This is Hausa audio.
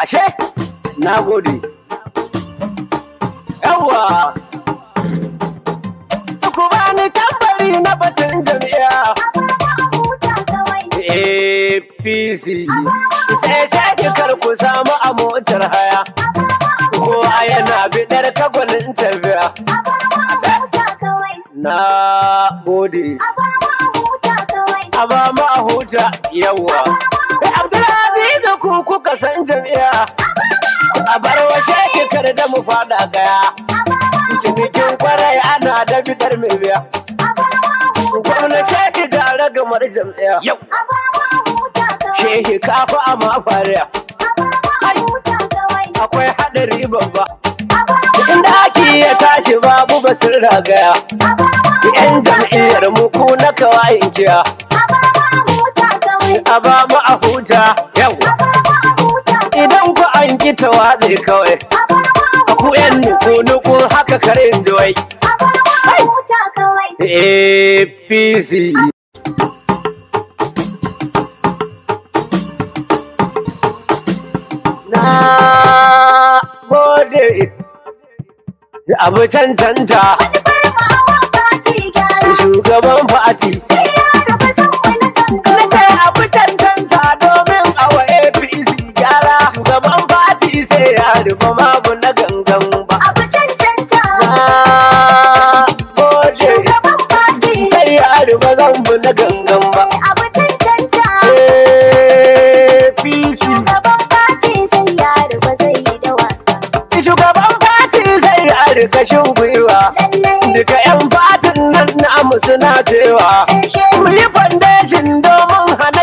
Ashe, na gode. Yawwa! ba ni tambari na batun jami'a. APC. Sai sai ku samu a motar haya. a yana bidar tagwalin tarbiya. Na gode. A ba ma a huta yawa. Abdulaziz ku kuka san jami'a? A bar washe ki kar da mu fada gaya. Cinikin kwarai ana da bidar mai biya. Gwamna shehi da ragamar jam'iyya. Yau. Shehi kafa a mafariya. Akwai haɗari babba. Inda aki ya tashi babu batun ragaya. Yan jam'iyyar mu ku na kawayin kiya. a ba mu a huta yau idan ku an ki watsi kawai a ku yan nuku nuku haka karin doyi APC Na gode da abu cancanta shugaban fati. ba zan bu na gangan ba. Eh, abu eh, Shugaban fati zai yi da eh, gwiwa. Duka 'yan fatin nan na suna cewa. Mu yi domin hana